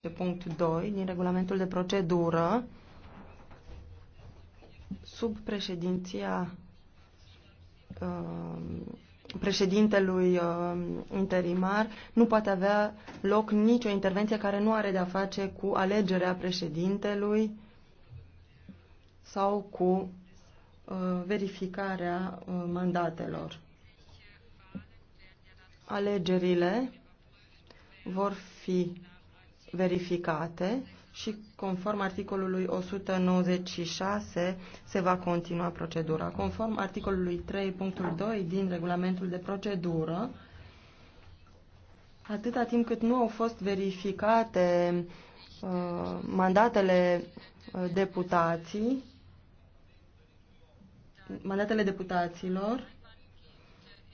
de punct 2 din regulamentul de procedură sub președinția uh, președintelui uh, interimar nu poate avea loc nicio intervenție care nu are de-a face cu alegerea președintelui sau cu uh, verificarea mandatelor. Alegerile vor fi verificate și conform articolului 196 se va continua procedura. Conform articolului 3.2 din regulamentul de procedură, atâta timp cât nu au fost verificate uh, mandatele uh, deputații, mandatele deputaților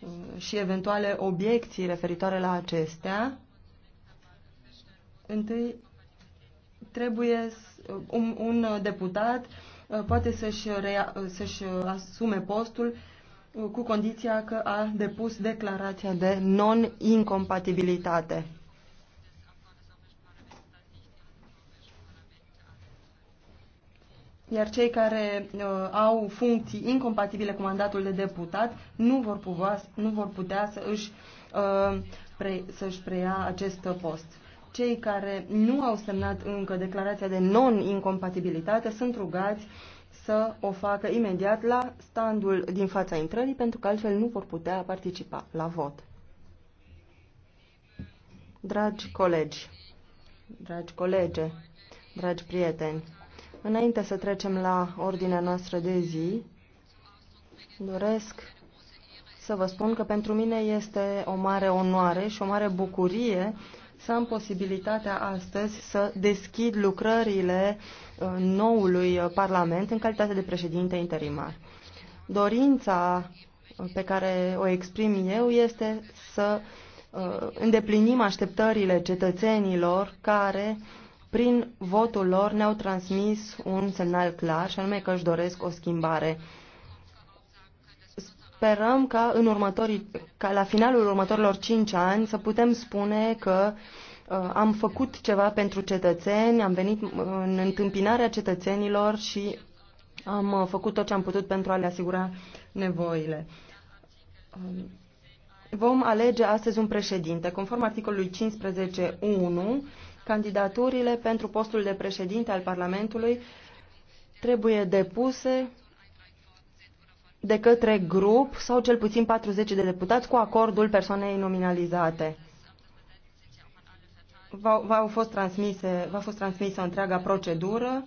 uh, și eventuale obiecții referitoare la acestea, Întâi trebuie un, un deputat uh, poate să-și, uh, să-și asume postul uh, cu condiția că a depus declarația de non-incompatibilitate. Iar cei care uh, au funcții incompatibile cu mandatul de deputat nu vor, putea, nu vor putea să își, uh, pre, să-și preia acest post cei care nu au semnat încă declarația de non-incompatibilitate sunt rugați să o facă imediat la standul din fața intrării, pentru că altfel nu vor putea participa la vot. Dragi colegi, dragi colege, dragi prieteni, înainte să trecem la ordinea noastră de zi, doresc să vă spun că pentru mine este o mare onoare și o mare bucurie să am posibilitatea astăzi să deschid lucrările uh, noului uh, Parlament în calitate de președinte interimar. Dorința uh, pe care o exprim eu este să îndeplinim așteptările cetățenilor care, prin votul lor, ne-au transmis un semnal clar și anume că își doresc o schimbare sperăm ca, în următorii, ca la finalul următorilor cinci ani să putem spune că Uh, am făcut ceva pentru cetățeni, am venit uh, în întâmpinarea cetățenilor și am uh, făcut tot ce am putut pentru a le asigura nevoile. Um, vom alege astăzi un președinte. Conform articolului 15.1, candidaturile pentru postul de președinte al Parlamentului trebuie depuse de către grup sau cel puțin 40 de deputați cu acordul persoanei nominalizate v-au fost transmise, va fost transmisă întreaga procedură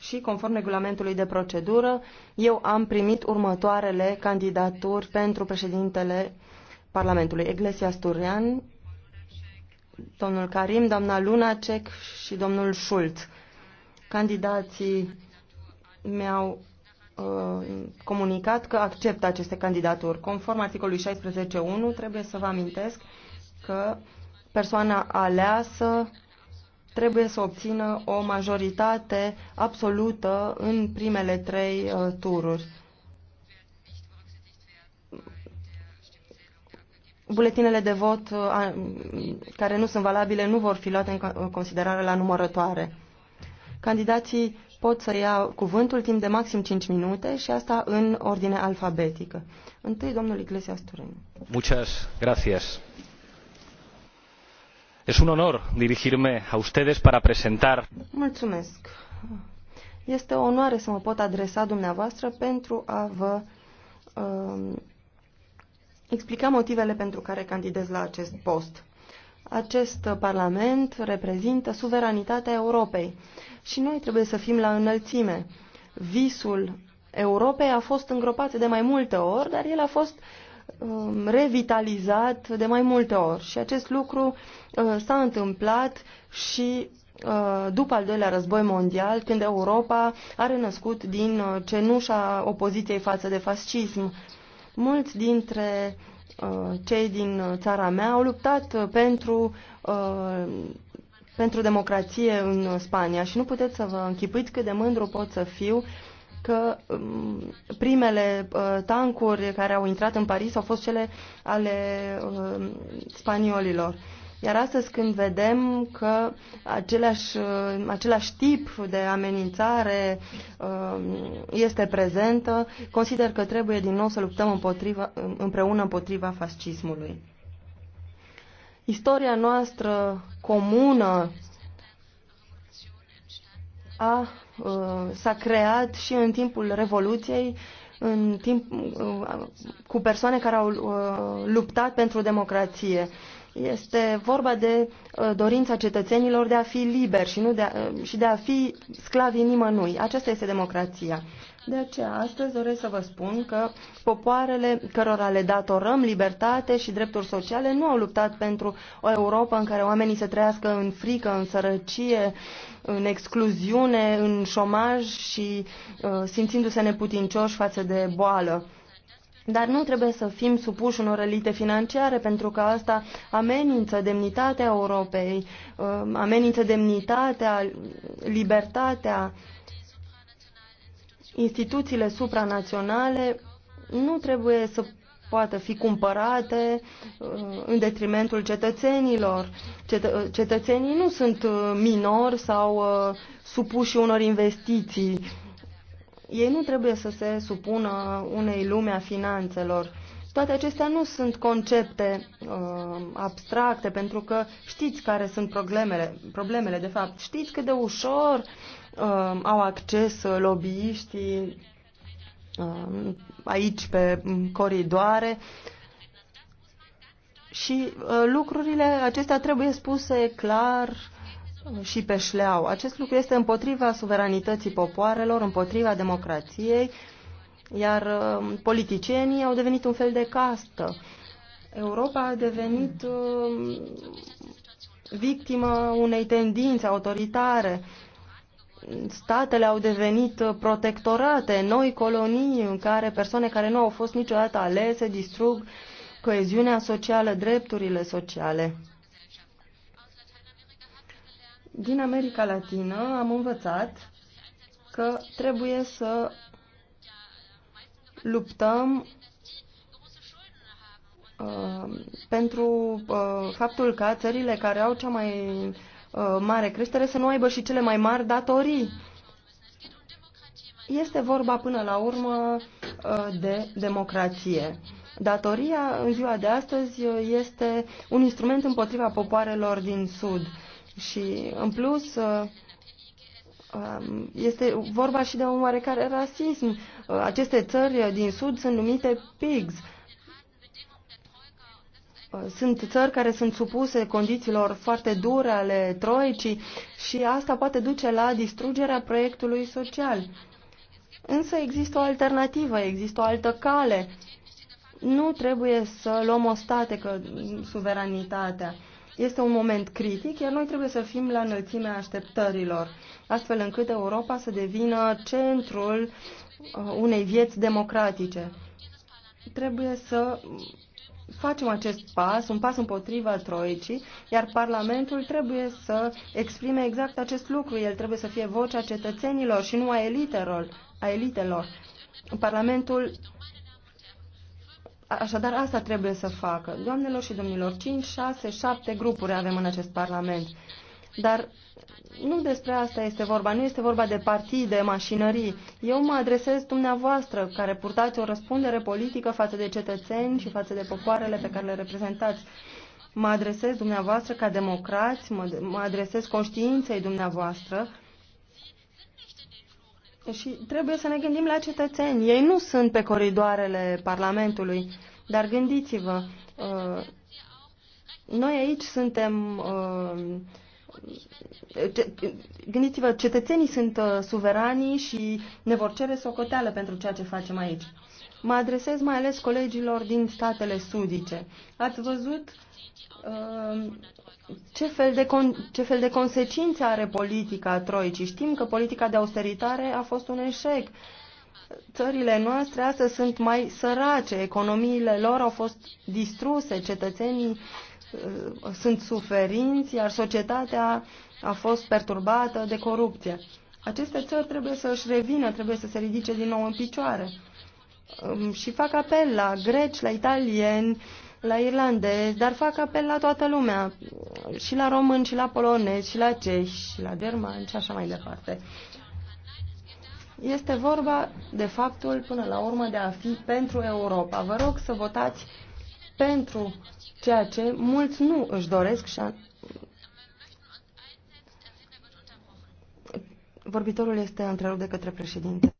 și conform regulamentului de procedură, eu am primit următoarele candidaturi pentru președintele Parlamentului. Eglesia Sturian, domnul Karim, doamna Lunacek și domnul Schultz. Candidații mi-au uh, comunicat că acceptă aceste candidaturi. Conform articolului 16.1 trebuie să vă amintesc că persoana aleasă trebuie să obțină o majoritate absolută în primele trei uh, tururi. Buletinele de vot uh, care nu sunt valabile nu vor fi luate în considerare la numărătoare. Candidații pot să ia cuvântul timp de maxim 5 minute și asta în ordine alfabetică. Întâi, domnul Iglesias Turin. Muchas gracias. Es un honor dirigirme a ustedes para presentar. Mulțumesc. Este o onoare să mă pot adresa dumneavoastră pentru a vă uh, explica motivele pentru care candidez la acest post. Acest Parlament reprezintă suveranitatea Europei și noi trebuie să fim la înălțime. Visul Europei a fost îngropat de mai multe ori, dar el a fost Um, revitalizat de mai multe ori și acest lucru uh, s-a întâmplat și uh, după al doilea război mondial, când Europa a renăscut din uh, cenușa opoziției față de fascism. Mulți dintre cei din țara mea au luptat pentru, pentru democrație în Spania și nu puteți să vă închipuiți cât de mândru pot să fiu că um, primele uh, tancuri care au intrat în Paris au fost cele ale um, spaniolilor. Iar astăzi când vedem că aceleași, uh, același tip de amenințare um, este prezentă, consider că trebuie din nou să luptăm împotriva, împreună împotriva fascismului. Istoria noastră comună a Uh, s-a creat și în timpul Revoluției în timp, uh, cu persoane care au uh, luptat pentru democrație. Este vorba de dorința cetățenilor de a fi liberi și, nu de a, și de a fi sclavi nimănui. Aceasta este democrația. De aceea, astăzi doresc să vă spun că popoarele cărora le datorăm libertate și drepturi sociale nu au luptat pentru o Europa în care oamenii să trăiască în frică, în sărăcie, în excluziune, în șomaj și uh, simțindu-se neputincioși față de boală. Dar nu trebuie să fim supuși unor elite financiare, pentru că asta amenință demnitatea Europei, uh, amenință demnitatea, libertatea instituțiile supranaționale nu trebuie să poată fi cumpărate uh, în detrimentul cetățenilor. Cetă uh, cetățenii nu sunt uh, minori sau supuși unor investiții. Ei nu trebuie să se supună unei lume a finanțelor. Toate acestea nu sunt concepte uh, abstracte, pentru că știți care sunt problemele, problemele. De fapt, știți cât de ușor uh, uh, au acces uh, lobbyiștii uh, aici pe coridoare și uh, lucrurile acestea trebuie spuse clar uh, și pe șleau. Acest lucru este împotriva suveranității popoarelor, împotriva democrației, iar uh, politicienii au devenit un fel de castă. Europa a devenit uh, victima unei tendințe autoritare uh, statele au devenit protectorate, noi colonii în care persoane care nu au fost niciodată alese distrug coeziunea socială, drepturile sociale. Din America Latină am învățat că trebuie să luptăm uh, pentru uh, faptul că țările care au cea mai uh, Uh, mare creștere să nu aibă și cele mai mari datorii. Este vorba până la urmă uh, de democrație. Datoria în ziua de astăzi uh, este un instrument împotriva popoarelor din Sud și în plus um, este vorba și de un oarecare rasism. Aceste țări din Sud sunt numite pigs Uh, sunt țări care sunt supuse condițiilor foarte dure ale troicii și asta poate duce la distrugerea proiectului social. Însă există o alternativă, există o altă cale. Nu trebuie să luăm o statecă suveranitatea. Este un moment critic, iar noi trebuie să fim la înălțimea așteptărilor, astfel încât Europa să devină centrul uh, unei vieți democratice. Trebuie să facem acest pas, un pas împotriva Troicii, iar Parlamentul trebuie să exprime exact acest lucru. El trebuie să fie vocea cetățenilor și nu a elitelor. A elitelor. Parlamentul Așadar, asta trebuie să facă. Doamnelor și domnilor, 5, 6, 7 grupuri avem în acest Parlament. Dar nu despre asta este vorba, nu este vorba de partii, de mașinării. Eu mă adresez dumneavoastră, care purtați o răspundere politică față de cetățeni și față de popoarele pe care le reprezentați. Mă adresez dumneavoastră ca democrați, mă, mă adresez conștiinței dumneavoastră și trebuie să ne gândim la cetățeni. Ei nu sunt pe coridoarele Parlamentului, dar gândiți-vă, uh, noi aici suntem... Uh, Gândiți-vă, cetățenii sunt uh, suveranii și ne vor cere socoteală pentru ceea ce facem aici. Mă adresez mai ales colegilor din statele sudice. Ați văzut uh, ce fel, de con- ce fel de consecințe are politica troicii. Știm că politica de austeritate a fost un eșec. Țările noastre astăzi sunt mai sărace, economiile lor au fost distruse, cetățenii Uh, sunt suferinți, iar societatea a fost perturbată de corupție. Aceste țări trebuie să își revină, trebuie să se ridice din nou în picioare. Um, și fac apel la greci, la italieni, la irlandezi, dar fac apel la toată lumea, uh, și la români, și la polonezi, și la cehi, și la germani, și așa mai departe. Este vorba de faptul, până la urmă, de a fi pentru Europa. Vă rog să votați pentru ceea ce mulți nu își doresc și a... Vorbitorul este întrerupt de către președinte.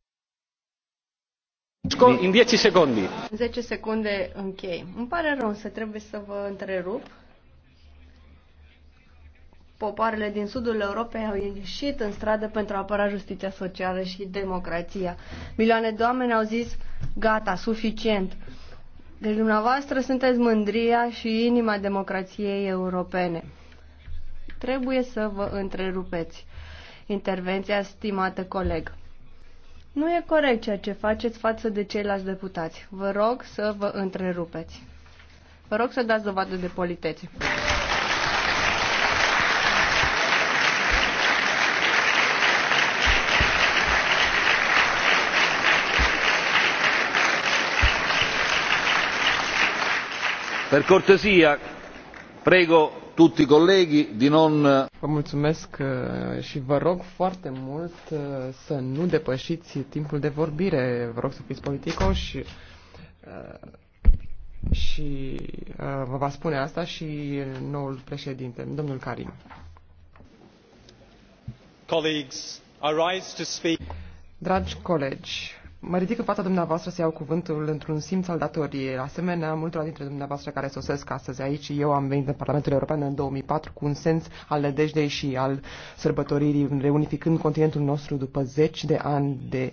În 10 secunde. În 10 secunde închei. Îmi pare rău să trebuie să vă întrerup. Popoarele din sudul Europei au ieșit în stradă pentru a apăra justiția socială și democrația. Milioane de oameni au zis, gata, suficient deci dumneavoastră sunteți mândria și inima democrației europene. Trebuie să vă întrerupeți intervenția, stimată coleg. Nu e corect ceea ce faceți față de ceilalți deputați. Vă rog să vă întrerupeți. Vă rog să dați dovadă de politețe. Per cortesia, prego tutti i colleghi di non... Vă mulțumesc uh, și vă rog foarte mult uh, să nu depășiți timpul de vorbire. Vă rog să fiți politicoși uh, și vă va spune asta și noul președinte, domnul Karim. Colleagues, I rise to speak. Dragi colegi, Mă ridic în fața dumneavoastră să iau cuvântul într-un simț al datoriei. Asemenea, multora dintre dumneavoastră care sosesc astăzi aici, eu am venit în Parlamentul European în 2004 cu un sens al nădejdei și al sărbătoririi, reunificând continentul nostru după zeci de ani de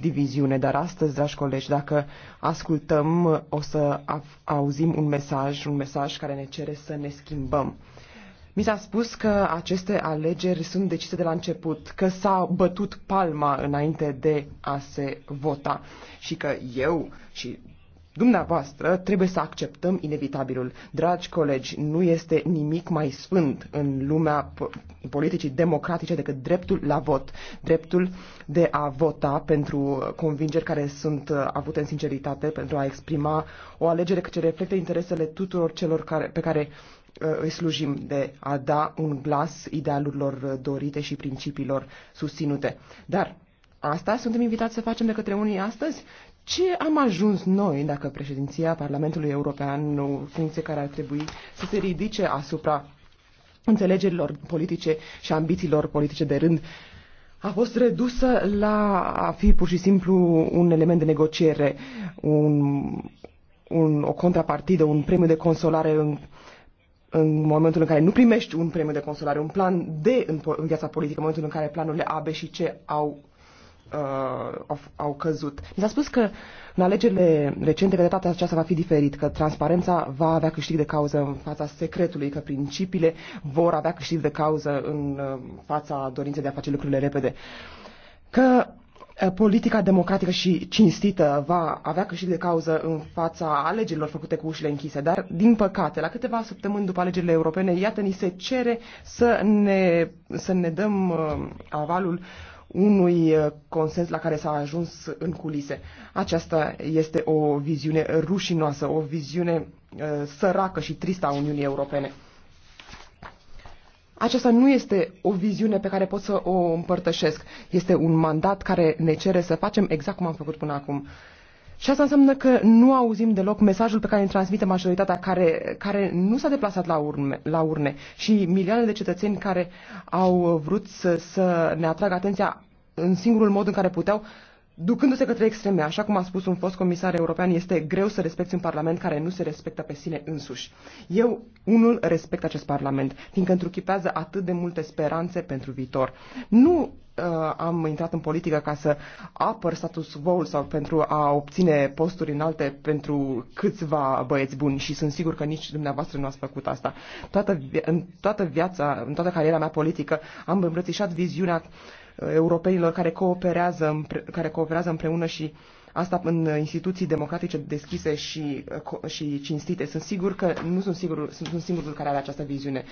diviziune. Dar astăzi, dragi colegi, dacă ascultăm, o să auzim un mesaj, un mesaj care ne cere să ne schimbăm. Mi s-a spus că aceste alegeri sunt decise de la început, că s-a bătut palma înainte de a se vota și că eu și dumneavoastră trebuie să acceptăm inevitabilul. Dragi colegi, nu este nimic mai sfânt în lumea politicii democratice decât dreptul la vot, dreptul de a vota pentru convingeri care sunt avute în sinceritate, pentru a exprima o alegere care reflectă interesele tuturor celor care, pe care Uh, îi slujim de a da un glas idealurilor dorite și principiilor susținute. Dar asta suntem invitați să facem de către unii astăzi? Ce am ajuns noi dacă președinția Parlamentului European, o funcție care ar trebui să se ridice asupra înțelegerilor politice și ambițiilor politice de rând, a fost redusă la a fi pur și simplu un element de negociere, un, un, o contrapartidă, un premiu de consolare în, în momentul în care nu primești un premiu de consolare, un plan D în, în viața politică, în momentul în care planurile A, B și C au, uh, au, au căzut. Mi s-a spus că în alegerile recente, că de data aceasta va fi diferit, că transparența va avea câștig de cauză în fața secretului, că principiile vor avea câștig de cauză în uh, fața dorinței de a face lucrurile repede. Că Eh, politica democratică și cinstită va avea câștig de cauză în fața alegerilor făcute cu ușile închise, dar, din păcate, la câteva săptămâni după alegerile europene, iată, ni se cere să ne, să ne dăm uh, avalul unui eh, consens la care s-a ajuns în culise. Aceasta este o viziune rușinoasă, o viziune uh, săracă și tristă a Uniunii Europene. Aceasta nu este o viziune pe care pot să o împărtășesc. Este un mandat care ne cere să facem exact cum am făcut până acum. Și asta înseamnă că nu auzim deloc mesajul pe care îl transmite majoritatea care, care nu s-a deplasat la, urne, la urne și milioane de cetățeni care au vrut să, să ne atragă atenția în singurul mod în care puteau ducându-se către extreme, așa cum a spus un fost comisar european, este greu să respecti un parlament care nu se respectă pe sine însuși. Eu, unul, respect acest parlament, fiindcă întruchipează atât de multe speranțe pentru viitor. Nu uh, am intrat în politică ca să apăr status quo sau pentru a obține posturi înalte pentru câțiva băieți buni și sunt sigur că nici dumneavoastră nu ați făcut asta. Toată, în toată viața, în toată cariera mea politică am îmbrățișat viziunea uh, europenilor care cooperează, care cooperează împreună și asta în instituții democratice deschise și, uh, și cinstite. Sunt sigur că nu sunt sigur, sunt, sunt singurul care are această viziune.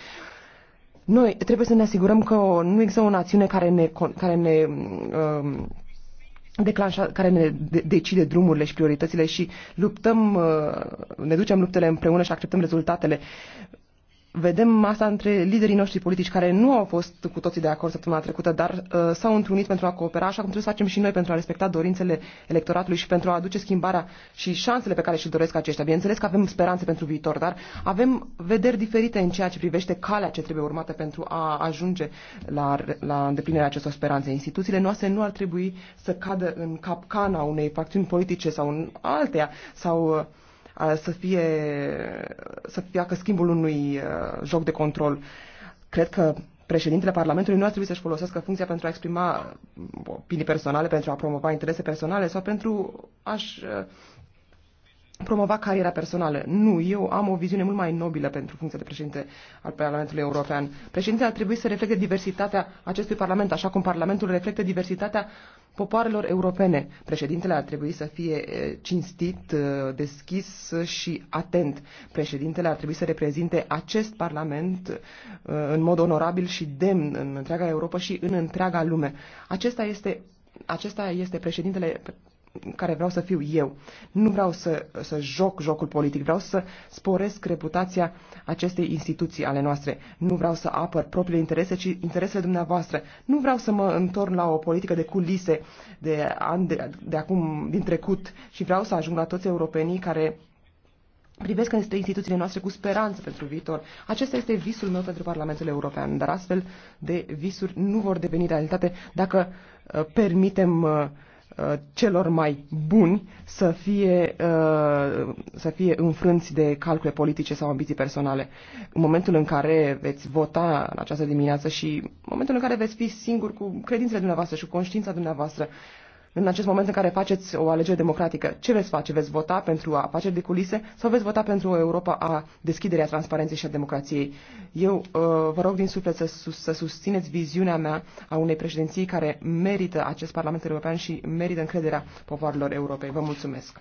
Noi trebuie să ne asigurăm că nu există o națiune care ne, care ne um, declanșa, care ne decide drumurile și prioritățile și luptăm, uh, ne ducem luptele împreună și acceptăm rezultatele vedem asta între liderii noștri politici care nu au fost cu toții de acord săptămâna trecută, dar uh, s-au întrunit pentru a coopera, așa cum trebuie să facem și noi pentru a respecta dorințele electoratului și pentru a aduce schimbarea și șansele pe care și doresc aceștia. Bineînțeles că avem speranțe pentru viitor, dar avem vederi diferite în ceea ce privește calea ce trebuie urmată pentru a ajunge la, la îndeplinirea acestor speranțe. Instituțiile noastre nu ar trebui să cadă în capcana unei facțiuni politice sau în alteia sau uh, să fie să facă schimbul unui joc de control. Cred că președintele Parlamentului nu ar trebui să-și folosească funcția pentru a exprima opinii personale, pentru a promova interese personale sau pentru a-și promova cariera personală. Nu, eu am o viziune mult mai nobilă pentru funcția de președinte al Parlamentului European. Președintele ar trebui să reflecte diversitatea acestui Parlament, așa cum Parlamentul reflectă diversitatea popoarelor europene. Președintele ar trebui să fie cinstit, deschis și atent. Președintele ar trebui să reprezinte acest Parlament în mod onorabil și demn în întreaga Europa și în întreaga lume. Acesta este, acesta este președintele care vreau să fiu eu. Nu vreau să, să joc jocul politic, vreau să sporesc reputația acestei instituții ale noastre. Nu vreau să apăr propriile interese, ci interesele dumneavoastră. Nu vreau să mă întorn la o politică de culise de an de, de acum, din trecut și vreau să ajung la toți europenii care privesc înspre instituțiile noastre cu speranță pentru viitor. Acesta este visul meu pentru Parlamentul European, dar astfel de visuri nu vor deveni realitate dacă uh, permitem uh, Uh, celor mai buni să fie, uh, să fie înfrânți de calcule politice sau ambiții personale. În momentul în care veți vota în această dimineață și în momentul în care veți fi singur cu credințele dumneavoastră și cu conștiința dumneavoastră, în acest moment în care faceți o alegere democratică, ce veți face? Veți vota pentru afaceri de culise sau veți vota pentru o Europa a deschiderii, a transparenței și a democrației? Eu uh, vă rog din suflet să, să susțineți viziunea mea a unei președinții care merită acest Parlament European și merită încrederea popoarelor Europei. Vă mulțumesc!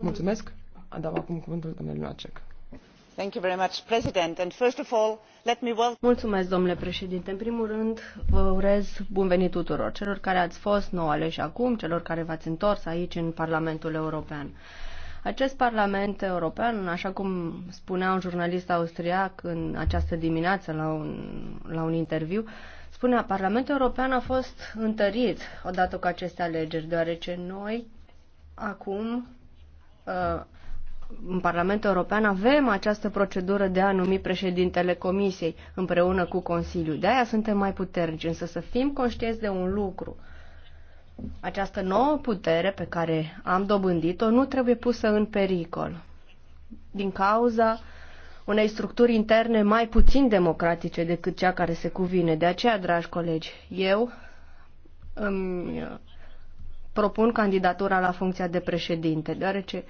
Mulțumesc. Mulțumesc, domnule președinte. În primul rând, vă urez bun venit tuturor, celor care ați fost nou aleși acum, celor care v-ați întors aici în Parlamentul European. Acest Parlament European, așa cum spunea un jurnalist austriac în această dimineață la un, un interviu, Spunea, Parlamentul European a fost întărit odată cu aceste alegeri, deoarece noi acum uh, în Parlamentul European avem această procedură de a numi președintele Comisiei împreună cu Consiliul. De aia suntem mai puternici, însă să fim conștienți de un lucru. Această nouă putere pe care am dobândit-o nu trebuie pusă în pericol din cauza uh, unei structuri interne mai puțin democratice decât cea care se cuvine. De aceea, dragi colegi, eu îmi uh, propun candidatura la funcția de președinte, deoarece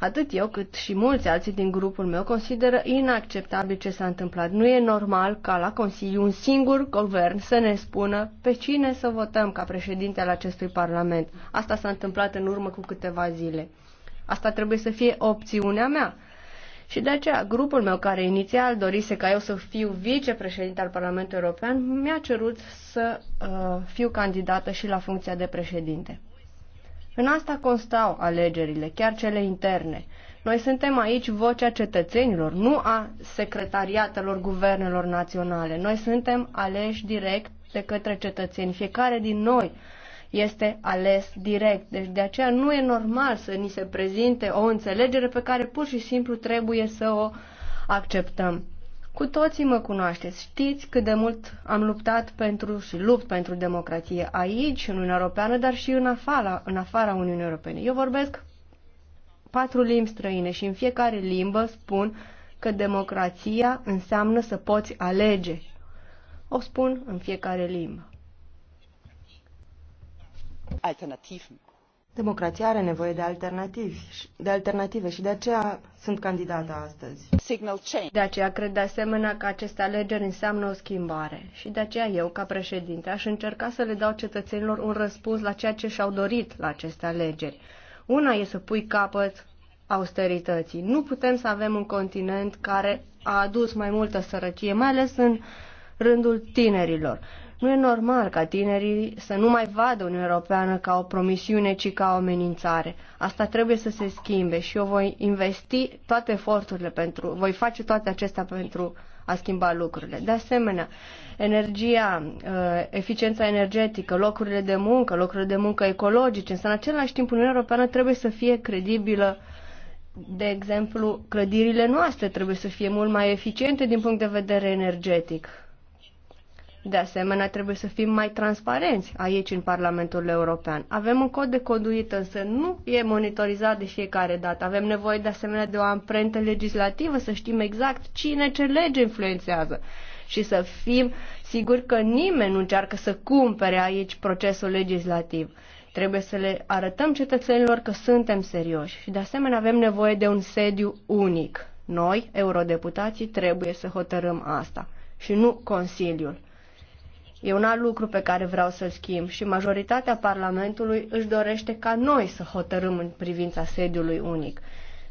atât eu cât și mulți alții din grupul meu consideră inacceptabil ce s-a întâmplat. Nu e normal ca la Consiliu un singur guvern să ne spună pe cine să votăm ca președinte al acestui Parlament. Asta s-a întâmplat în urmă cu câteva zile. Asta trebuie să fie opțiunea mea. Și de aceea, grupul meu care inițial dorise ca eu să fiu vicepreședinte al Parlamentului European mi-a cerut să uh, fiu candidată și la funcția de președinte. În asta constau alegerile, chiar cele interne. Noi suntem aici vocea cetățenilor, nu a secretariatelor guvernelor naționale. Noi suntem aleși direct de către cetățeni. Fiecare din noi este ales direct. Deci de aceea nu e normal să ni se prezinte o înțelegere pe care pur și simplu trebuie să o acceptăm. Cu toții mă cunoașteți, știți cât de mult am luptat pentru și lupt pentru democrație aici, în Uniunea Europeană, dar și în afara, în afara Uniunii Europene. Eu vorbesc patru limbi străine și în fiecare limbă spun că democrația înseamnă să poți alege. O spun în fiecare limbă. Alternativen. Democrația are nevoie de alternative, de alternative și de aceea sunt candidata astăzi. Signal change. De aceea cred de asemenea că aceste alegeri înseamnă o schimbare și de aceea eu, ca președinte, aș încerca să le dau cetățenilor un răspuns la ceea ce și-au dorit la aceste alegeri. Una e să pui capăt austerității. Nu putem să avem un continent care a adus mai multă sărăcie, mai ales în rândul tinerilor. Nu e normal ca tinerii să nu mai vadă Uniunea Europeană ca o promisiune, ci ca o amenințare. Asta trebuie să se schimbe și eu voi investi toate eforturile pentru, voi face toate acestea pentru a schimba lucrurile. De asemenea, energia, uh, eficiența energetică, locurile de muncă, locurile de muncă ecologice, însă în același timp Uniunea Europeană trebuie să fie credibilă de exemplu, clădirile noastre trebuie să fie mult mai eficiente din punct de vedere energetic de asemenea, trebuie să fim mai transparenți aici în Parlamentul European. Avem un cod de conduită, însă nu e monitorizat de fiecare dată. Avem nevoie de asemenea de o amprentă legislativă, să știm exact cine ce lege influențează și să fim siguri că nimeni nu încearcă să cumpere aici procesul legislativ. Trebuie să le arătăm cetățenilor că suntem serioși și de asemenea avem nevoie de un sediu unic. Noi, eurodeputații, trebuie să hotărâm asta și nu Consiliul. E un alt lucru pe care vreau să-l schimb și majoritatea Parlamentului își dorește ca noi să hotărâm în privința sediului unic.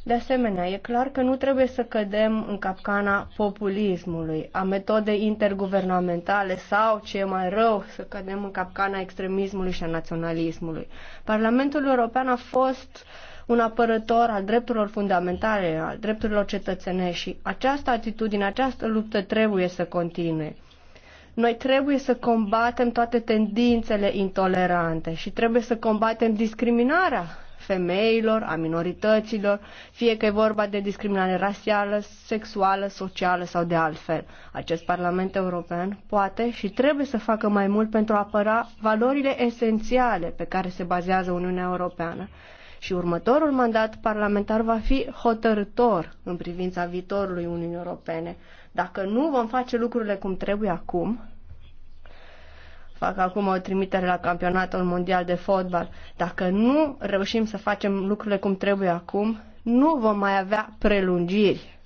De asemenea, e clar că nu trebuie să cădem în capcana populismului, a metodei interguvernamentale sau, ce e mai rău, să cădem în capcana extremismului și a naționalismului. Parlamentul European a fost un apărător al drepturilor fundamentale, al drepturilor cetățenești și această atitudine, această luptă trebuie să continue. Noi trebuie să combatem toate tendințele intolerante și trebuie să combatem discriminarea femeilor, a minorităților, fie că e vorba de discriminare rasială, sexuală, socială sau de altfel. Acest Parlament European poate și trebuie să facă mai mult pentru a apăra valorile esențiale pe care se bazează Uniunea Europeană. Și următorul mandat parlamentar va fi hotărător în privința viitorului Uniunii Europene. Dacă nu vom face lucrurile cum trebuie acum, fac acum o trimitere la campionatul mondial de fotbal, dacă nu reușim să facem lucrurile cum trebuie acum, nu vom mai avea prelungiri.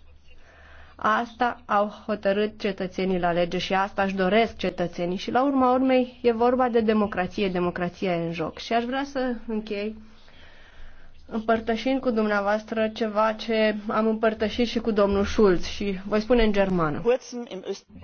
Asta au hotărât cetățenii la lege și asta își doresc cetățenii. Și la urma urmei e vorba de democrație, democrația e în joc. Și aș vrea să închei împărtășind cu dumneavoastră ceva ce am împărtășit și cu domnul Schulz și voi spune în germană.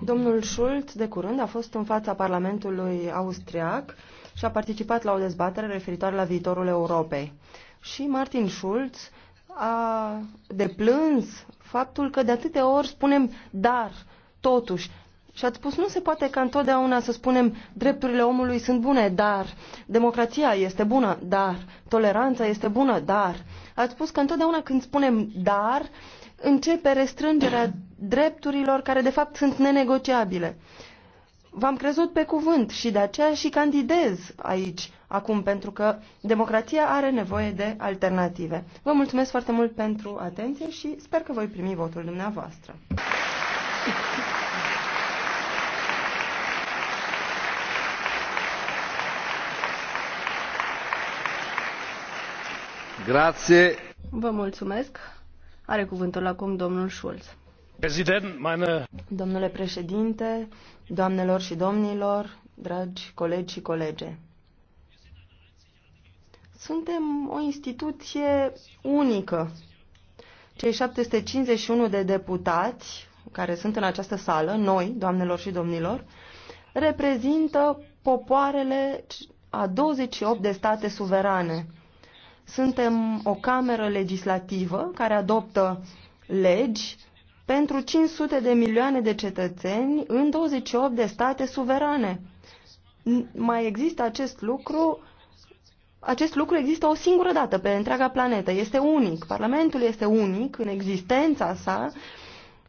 Domnul Schulz de curând a fost în fața Parlamentului austriac și a participat la o dezbatere referitoare la viitorul Europei. Și Martin Schulz a deplâns faptul că de atâtea ori spunem dar, totuși, și ați spus, nu se poate ca întotdeauna să spunem drepturile omului sunt bune, dar democrația este bună, dar toleranța este bună, dar. Ați spus că întotdeauna când spunem dar, începe restrângerea drepturilor care de fapt sunt nenegociabile. V-am crezut pe cuvânt și de aceea și candidez aici acum, pentru că democrația are nevoie de alternative. Vă mulțumesc foarte mult pentru atenție și sper că voi primi votul dumneavoastră. Thank you. Vă mulțumesc. Are cuvântul acum domnul Schulz. Meine... Domnule președinte, doamnelor și domnilor, dragi colegi și colege. Suntem o instituție unică. Cei 751 de deputați care sunt în această sală, noi, doamnelor și domnilor, reprezintă popoarele a 28 de state suverane. Suntem o cameră legislativă care adoptă legi pentru 500 de milioane de cetățeni în 28 de state suverane. Mai există acest lucru acest lucru există o singură dată pe întreaga planetă. Este unic. Parlamentul este unic în existența sa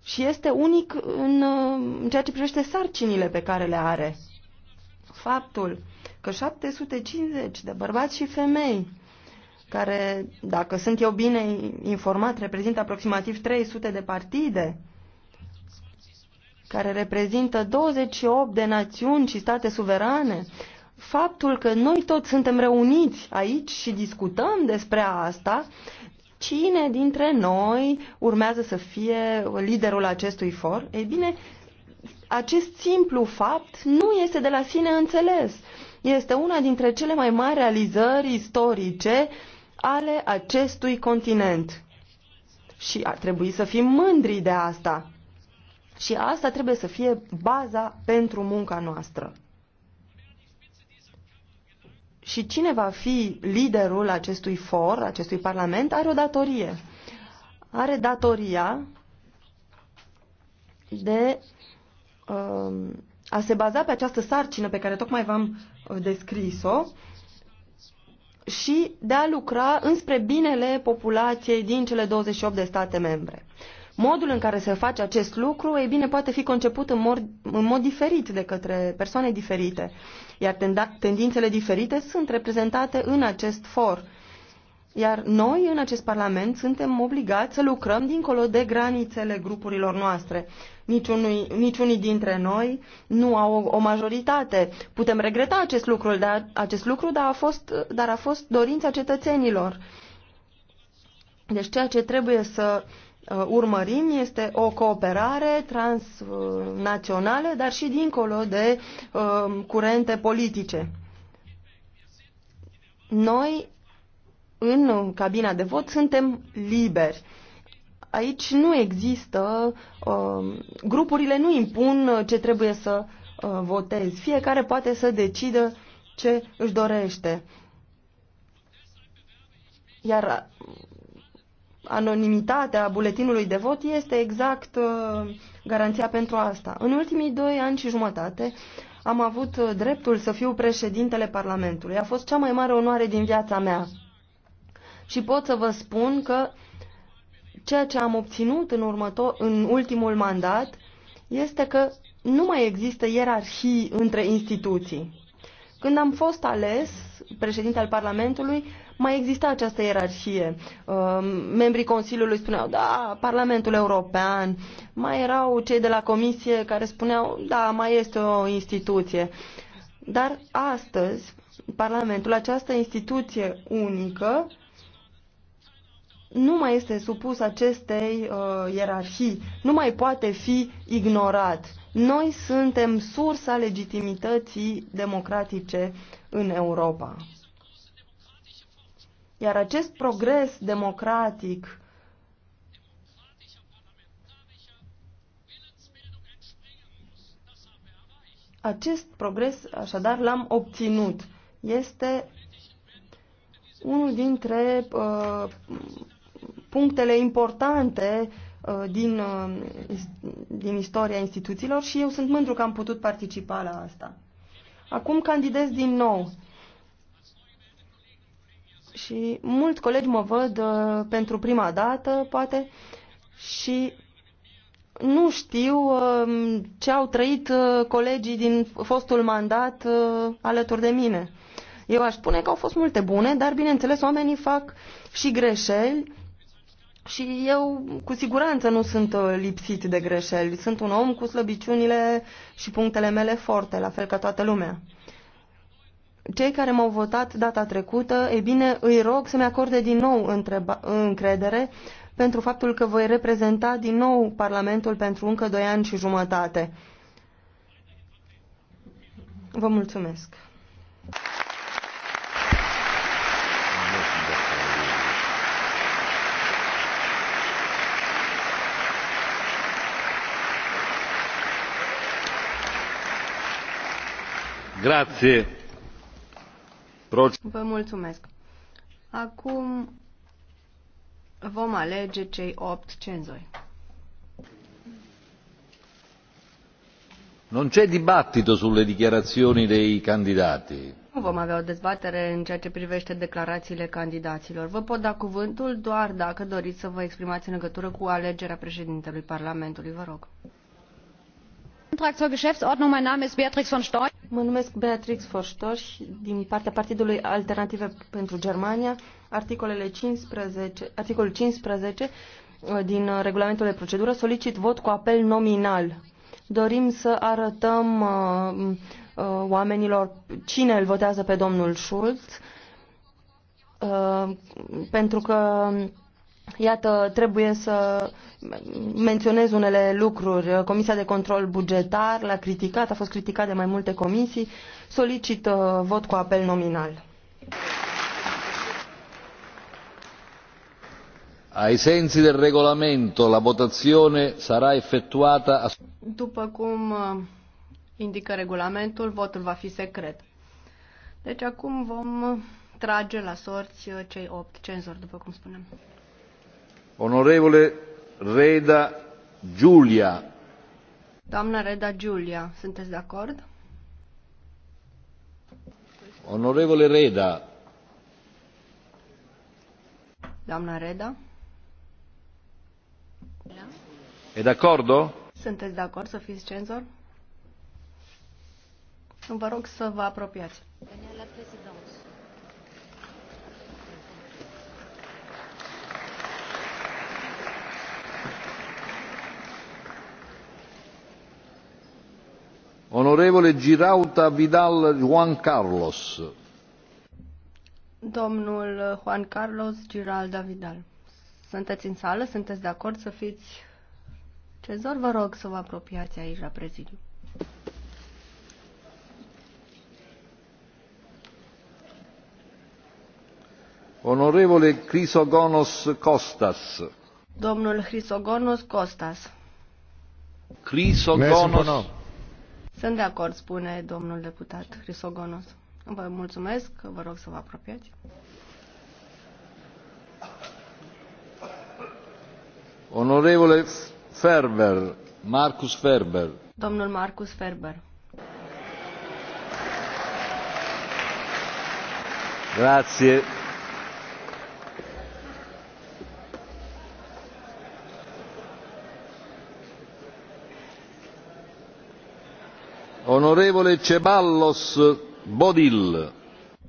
și este unic în, în ceea ce privește sarcinile pe care le are. Faptul că 750 de bărbați și femei care, dacă sunt eu bine informat, reprezintă aproximativ 300 de partide, care reprezintă 28 de națiuni și state suverane. Faptul că noi toți suntem reuniți aici și discutăm despre asta, cine dintre noi urmează să fie liderul acestui for? Ei bine, acest simplu fapt nu este de la sine înțeles. Este una dintre cele mai mari realizări istorice uh, ale acestui continent. Și ar trebui să fim mândri de asta. Și asta trebuie să fie baza pentru munca noastră. Și cine va fi liderul acestui for, acestui parlament, are o datorie. Are datoria de um, a se baza pe această sarcină pe care tocmai v-am uh, descris-o și de a lucra înspre binele populației din cele 28 de state membre. Modul în care se face acest lucru, ei bine, poate fi conceput în mod, în mod diferit de către persoane diferite, iar tendințele diferite sunt reprezentate în acest for. Iar noi, în acest Parlament, suntem obligați să lucrăm dincolo de granițele grupurilor noastre. Niciunui, niciunii dintre noi nu au o, o majoritate. Putem regreta acest lucru, dar, acest lucru dar, a fost, dar a fost dorința cetățenilor. Deci ceea ce trebuie să uh, urmărim este o cooperare transnațională, dar și dincolo de uh, curente politice. Noi în cabina de vot suntem liberi. Aici nu există, uh, grupurile nu impun ce trebuie să uh, votezi. Fiecare poate să decidă ce își dorește. Iar anonimitatea buletinului de vot este exact uh, garanția pentru asta. În ultimii doi ani și jumătate am avut dreptul să fiu președintele Parlamentului. A fost cea mai mare onoare din viața mea și pot să vă spun că ceea ce am obținut în, următor, în ultimul mandat este că nu mai există ierarhii între instituții. Când am fost ales președinte al Parlamentului, mai exista această ierarhie. Um, membrii Consiliului spuneau, da, Parlamentul European, mai erau cei de la Comisie care spuneau, da, mai este o instituție. Dar astăzi, Parlamentul, această instituție unică, nu mai este supus acestei uh, ierarhii, nu mai poate fi ignorat. Noi suntem sursa legitimității democratice în Europa. Iar acest progres democratic acest progres, așadar, l-am obținut. Este unul dintre uh, punctele importante uh, din, uh, din istoria instituțiilor și eu sunt mândru că am putut participa la asta. Acum candidez din nou și mulți colegi mă văd uh, pentru prima dată, poate, și nu știu ce au trăit colegii din fostul mandat alături de mine. Eu aș spune că au fost multe bune, dar, bineînțeles, oamenii fac și greșeli și eu, cu siguranță, nu sunt uh, lipsit de greșeli. Sunt un om cu slăbiciunile și punctele mele forte, la fel ca toată lumea. Cei care m-au votat data trecută, e bine, îi rog să-mi acorde din nou încredere pentru faptul că voi reprezenta din nou Parlamentul pentru încă doi ani și jumătate. Vă mulțumesc. mulțumesc. Acum vom alege cei opt cenzori. Non c'è dibattito sulle dichiarazioni dei candidati. Nu vom avea o dezbatere în ceea ce privește declarațiile candidaților. Vă pot da cuvântul doar dacă doriți să vă exprimați în legătură cu alegerea președintelui Parlamentului. Vă rog. Antrag zur Geschäftsordnung. Mein Name ist Beatrix von Storch. Mă numesc Beatrix Forștor din partea Partidului Alternative pentru Germania. Articolele 15, articolul 15 uh, din regulamentul de procedură solicit vot cu apel nominal. Dorim să arătăm uh, uh, oamenilor cine îl votează pe domnul Schulz, uh, pentru că Iată, trebuie să menționez unele lucruri. Comisia de control bugetar l-a criticat, a fost criticat de mai multe comisii. Solicit uh, vot cu apel nominal. Ai sensi del regolamento, la votazione sarà effettuata... A... După cum uh, indică regulamentul, votul va fi secret. Deci acum vom trage la sorți uh, cei opt cenzori, după cum spunem. Onorevole Reda Giulia. Doamna Reda Giulia, sunteți de acord? Onorevole Reda. Doamna Reda. E d'accordo? Sunteți de acord să fiți cenzor? Vă rog să vă apropiați. Daniela, Onorevole Girauta Vidal Juan Carlos. Domnul Juan Carlos Giralda Vidal. Sunteți în sală? Sunteți de acord să fiți cenzor? Vă rog să vă apropiați aici la prezidiu. Onorevole Crisogonos Costas. Domnul Crisogonos Costas. Crisogonos sunt de acord, spune domnul deputat Risogonos. Vă mulțumesc, vă rog să vă apropiați. Onorevole Ferber, Marcus Ferber. Domnul Marcus Ferber. Grazie. Onorevole Ceballos Bodil.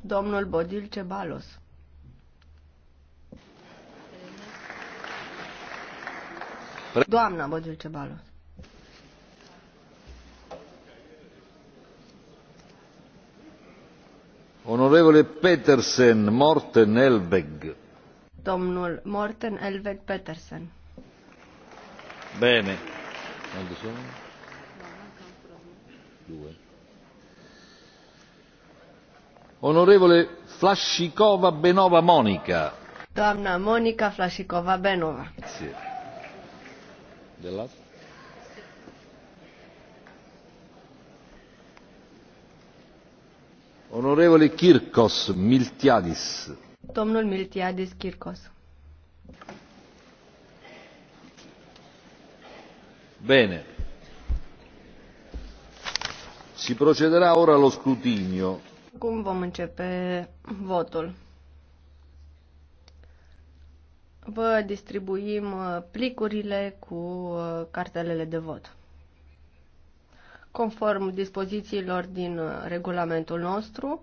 Domnul Bodil Ceballos. Doamna Bodil Ceballos. Onorevole Petersen, Morten Elveg. Domnul Morten Elveg Petersen. Bene due. Onorevole Flascicova Benova Monica. Doamna Monica Flascicova Benova. Grazie. Dell'altro. Onorevole Kirkos Miltiadis. Domnul Miltiadis Kirkos. Bene. Si procederà ora allo scrutinio. Cum vom începe votul? Vă distribuim uh, plicurile cu uh, cartelele de vot. Conform dispozițiilor din uh, regulamentul nostru,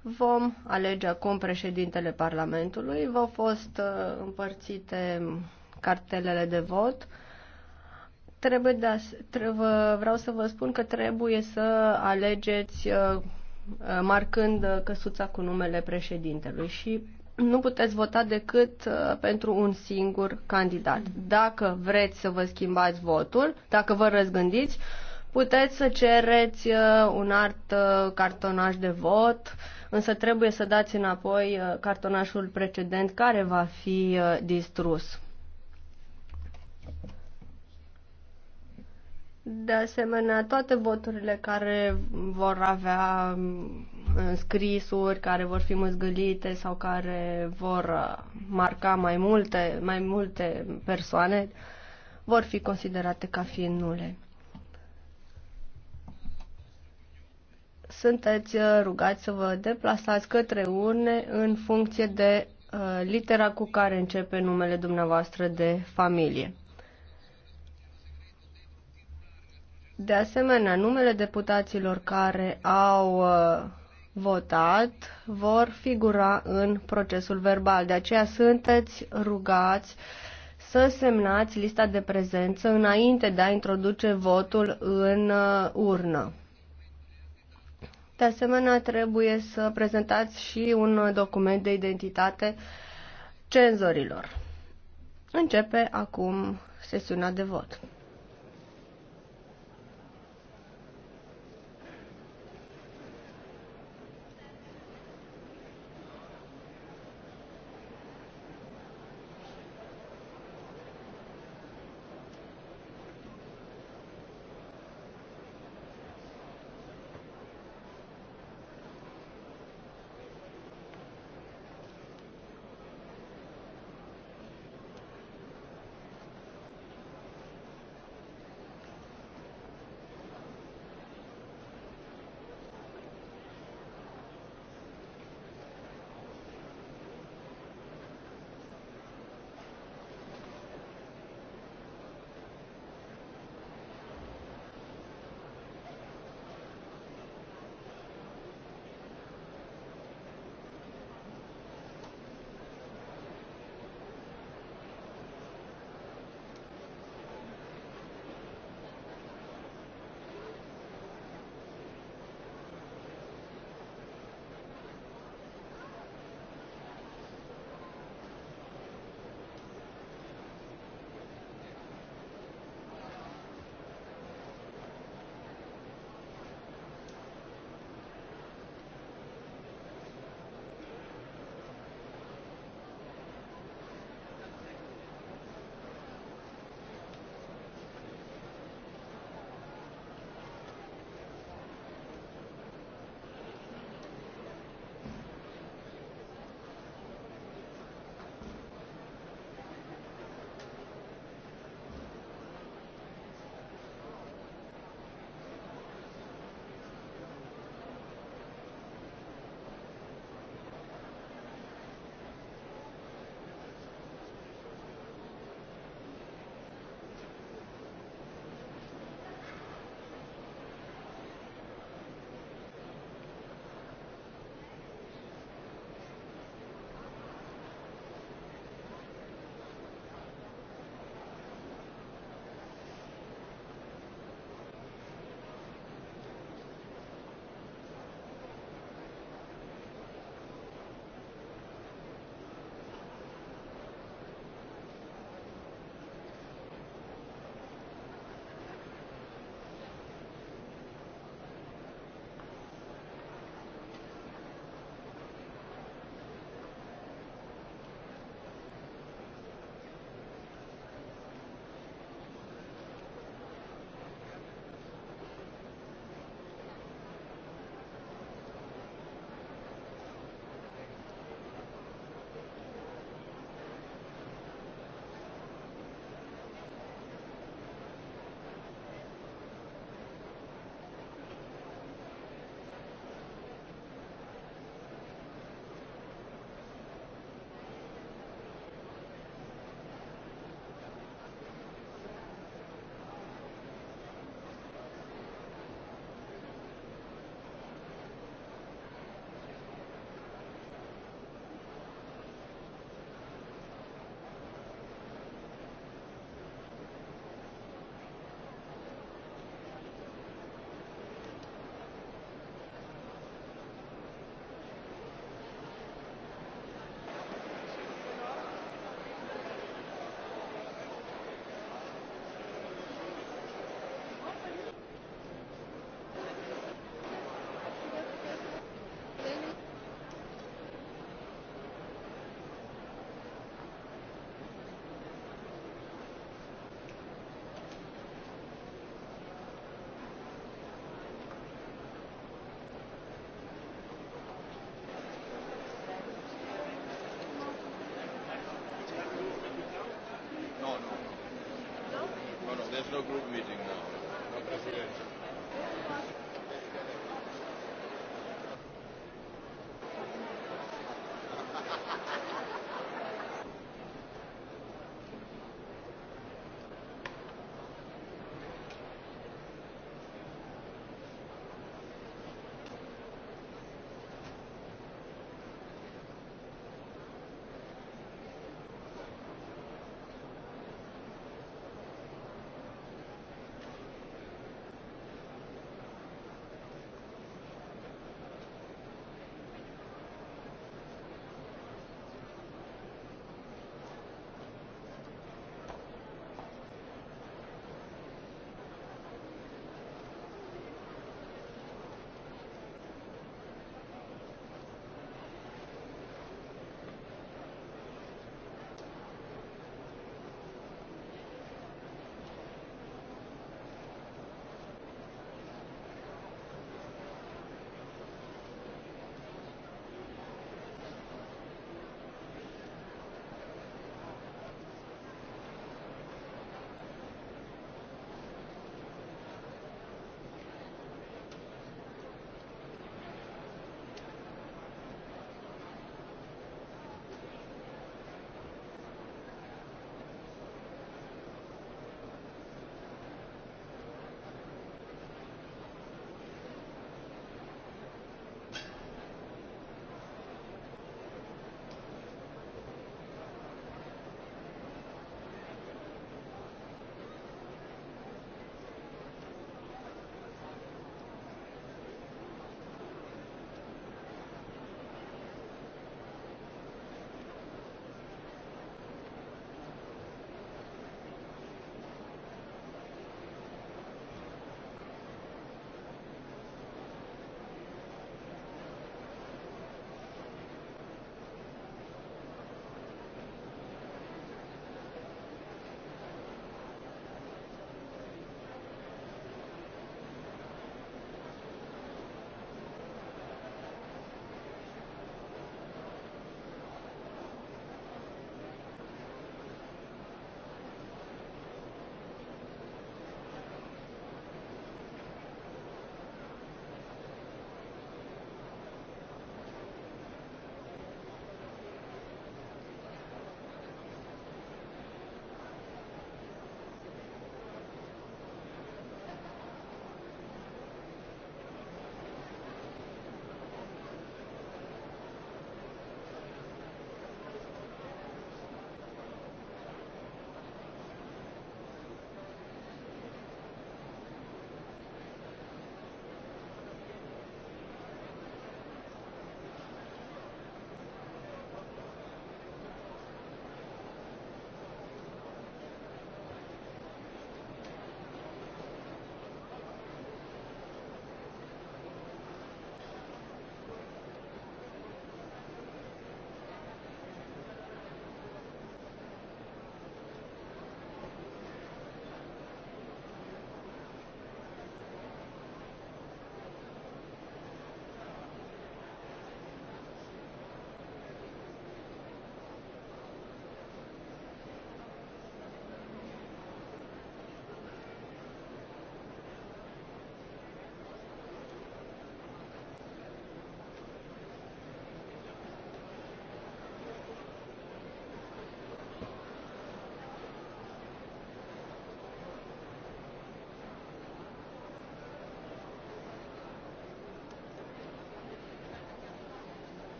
vom alege acum președintele Parlamentului. V-au fost împărțite mm, cartelele de vot. Trebuie de trebuie, vreau să vă spun că trebuie să alegeți uh, uh, marcând uh, căsuța cu numele președintelui și nu puteți vota decât pentru un singur candidat. Dacă vreți să vă schimbați votul, dacă vă răzgândiți, puteți să cereți un alt cartonaj de vot, însă trebuie să dați înapoi cartonașul precedent care va fi distrus. De asemenea, toate voturile care vor avea mm, scrisuri, care vor fi măzgălite sau care vor uh, marca mai multe, mai multe persoane, vor fi considerate ca fiind nule. Sunteți uh, rugați să vă deplasați către urne în funcție de uh, litera cu care începe numele dumneavoastră de familie. De asemenea, numele deputaților care au uh, votat vor figura în procesul verbal. De aceea sunteți rugați să semnați lista de prezență înainte de a introduce votul în uh, urnă. De asemenea, trebuie să prezentați și un document de identitate cenzorilor. Începe acum sesiunea de vot.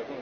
the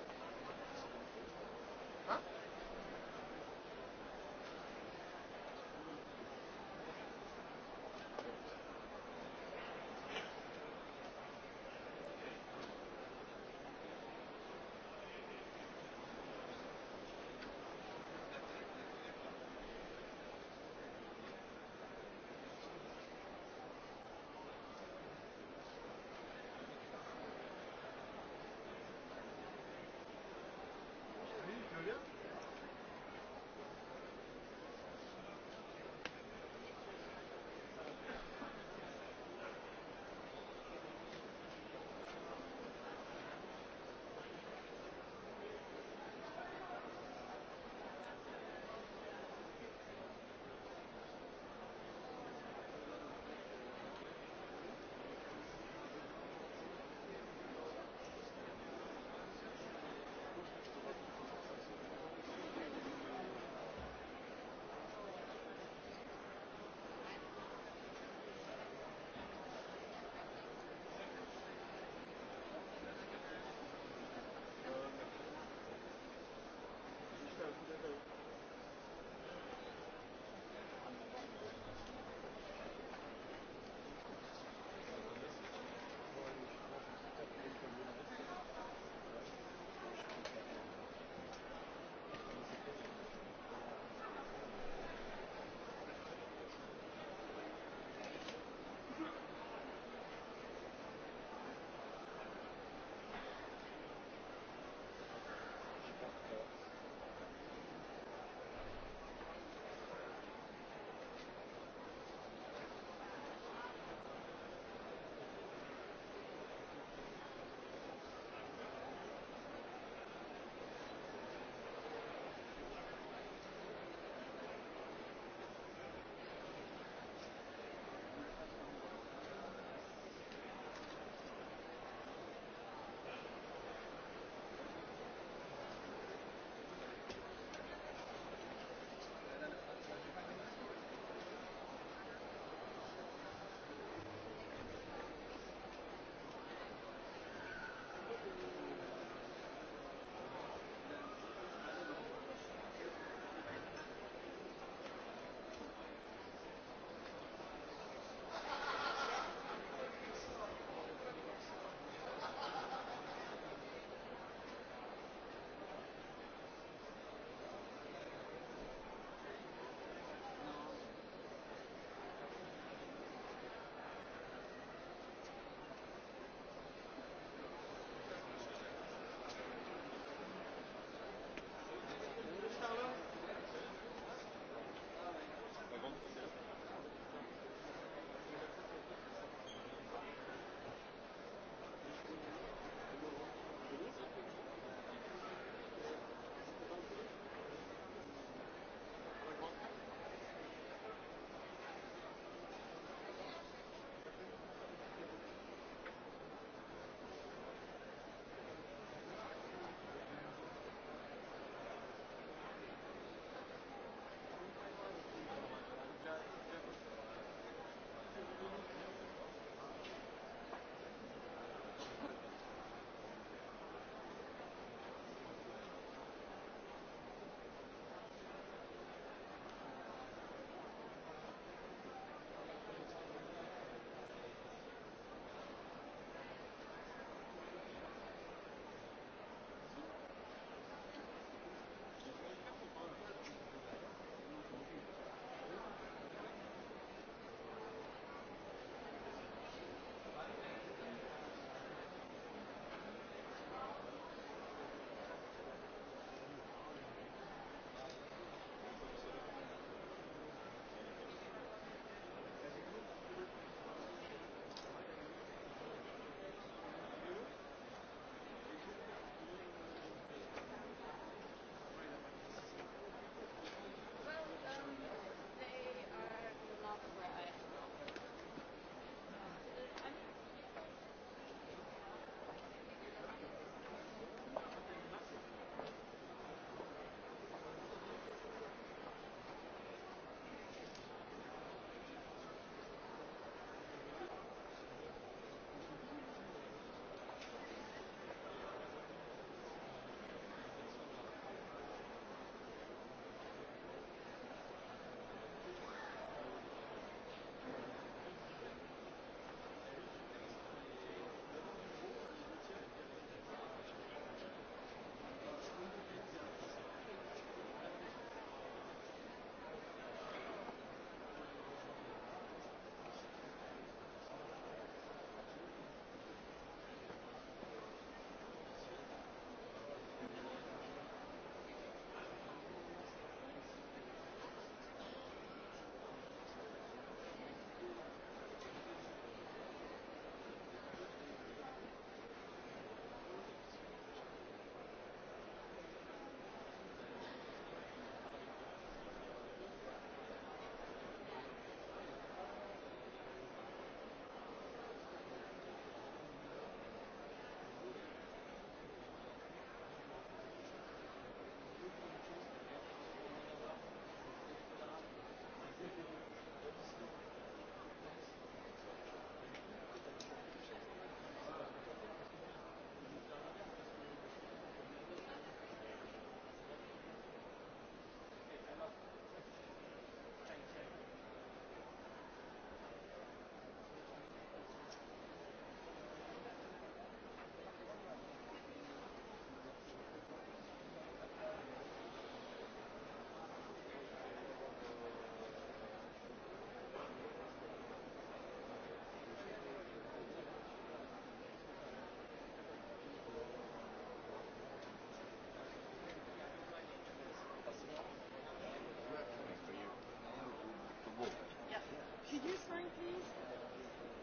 this one, please?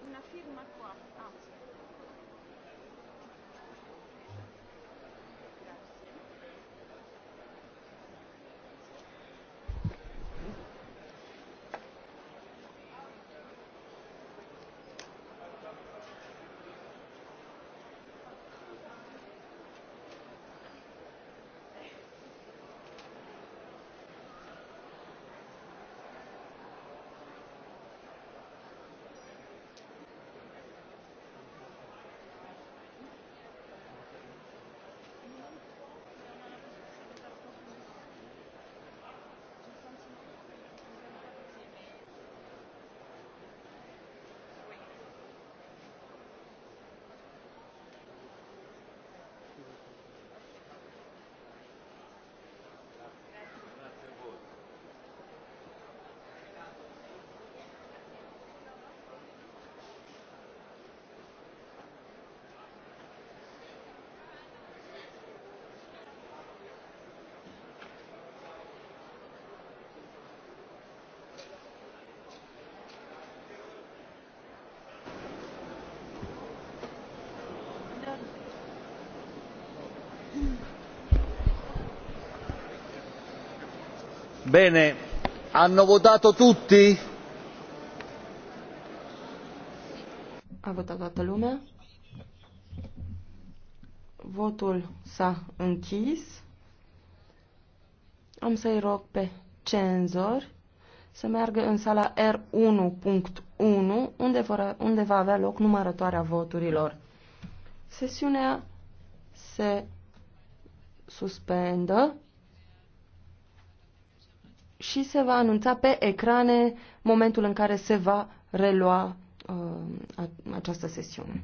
Una Ah. Bene, hanno votato tutti? A votat toată lumea. Votul s-a închis. Am să-i rog pe cenzor să meargă în sala R1.1, unde, unde va avea loc numărătoarea voturilor. Sesiunea se suspendă și se va anunța pe ecrane momentul în care se va relua uh, această sesiune.